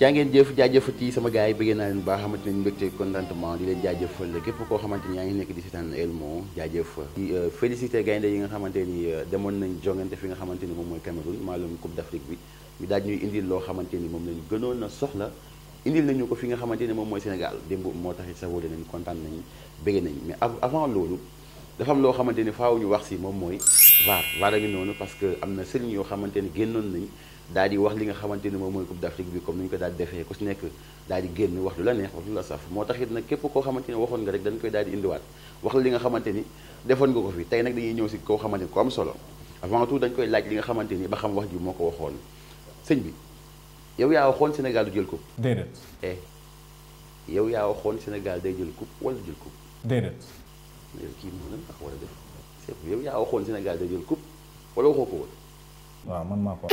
jaa ngeen jëf jaajëfati sama gars yi bëggee naa leen baax xamante nañ mbégte contentement di leen jaajëfal képp koo xamante ni yaa ngi nekk di seetaan Elmo jaajëf di euh, félicité gaynde yi nga xamante ni euh, demoon nañ jongante fi nga xamante ni moom mooy Cameroun maalum Coupe d'Afrique bi ñu daaj ñuy indil loo xamante ni moom lañ gënoon a soxla indil nañu ko fi nga xamante ni moom mooy Sénégal démb moo taxit sa wóole nañ kontaan nañ bëggee nañ mais avant loolu dafa am loo xamante ni faaw ñu wax si moom mooy VAR VAR a noonu parce que am na sëriñ yoo xamante ni génnoon nañ daal di wax li nga xamante ni moom mooy Coupe d'Afrique bi comme ni ñu ko daal defee ku si nekk daal di génn wax lu la neex wax lu la saf moo tax it nag képp koo xamante ni waxoon nga rek dañ koy daal di indiwaat wax la li nga xamante ni defoon nga ko fi tey nag dañuy ñëw si koo xamante ni ko am solo avant tout dañ koy laaj li nga xamante ni ba xam wax ji moo ko waxoon sëñ bi yow yaa waxoon Sénégal du jël coupe. Eh, yow yaa waxoon Sénégal day jël coupe wala jël coupe. kii moom lan tax war yaa waxoon Sénégal day jël coupe wala waxoo ko woon waaw man maa ko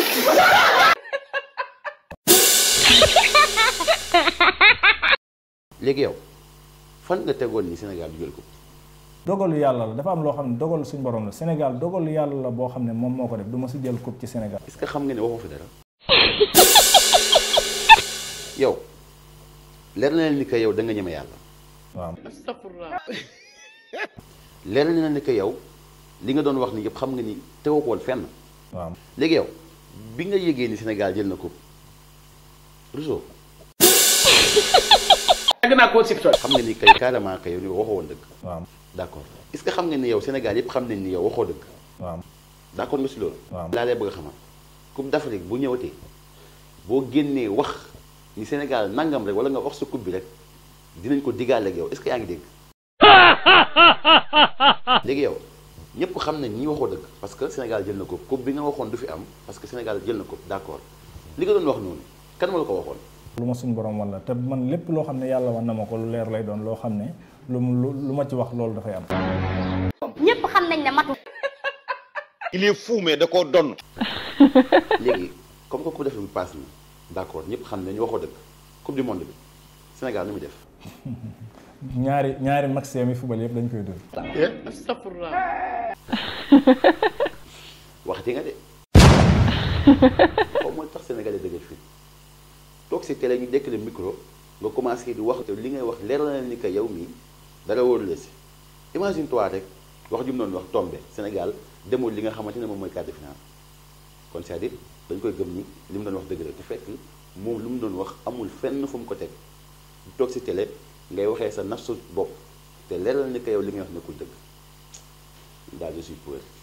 léegi yow fan nga tegoon ni Sénégal jël ko. dogalu yàlla la dafa am loo xam ne dogalu suñu borom la Sénégal dogalu yàlla la boo xam ne moom moo ko def du ma si jël coupe ci Sénégal. est-ce que xam nga ne waxu fi dara. yow leer na leen ni que yow da nga ñeme yàlla. waaw. leer na leen ni yow li nga doon wax ni yëpp xam nga ni tegoo ko fenn. waaw léegi yow bi nga yëgee ni Sénégal jël na coupe Rousseau. yàgg xam nga ni kay carrément kay yow waxoo woon dëgg. waaw d' accord ce que xam nga ni yow Sénégal yëpp xam nañ ni yow waxoo dëgg. waaw d' accord nga si loolu. waaw laa lay bëgg a xamal coupe d' Afrique bu ñëwatee boo génnee wax ni Sénégal nangam rek wala nga wax sa coupe bi rek dinañ ko digaale ak yow est ce yaa ngi dégg. léegi yow. ñëpp xam ne ñi waxoo dëgg parce que Sénégal jël na ko coupe bi nga waxoon du fi am parce que Sénégal jël na ko d'accord li nga doon wax noonu kan ma la ko waxoon. lu ma suñu borom walla te man lépp loo xam ne yàlla wan na ma ko lu leer lay doon loo xam ne lu lu ma ci wax loolu dafay am. ñëpp xam nañ ne matu. il est fou mais da koo donn. léegi comme que ku def lu paas nii d'accord ñëpp xam ne ñu waxoo dëgg coupe du monde bi Sénégal nu muy def. ñaari ñaari maximum yi football yëpp dañ koy dóor. astafurlah. waxati nga de. xaw ma tax Sénégal yi dëgër fii toog si télé ñu dekk le micro nga commencé di wax li ngay wax leer na ni que yow mii dara wóor la si. imagine toi rek wax ju mu doon wax tombé Sénégal demul li nga xamante ne moom mooy quart de kon cest dañ koy gëm ni li mu doon wax dëgg la fekk moom lu mu doon wax amul fenn fu mu ko teg toog si télé. ngay waxee sa nafsu bopp te leeral ni ko yow li ngay wax nekkul dëgg daal je suis peur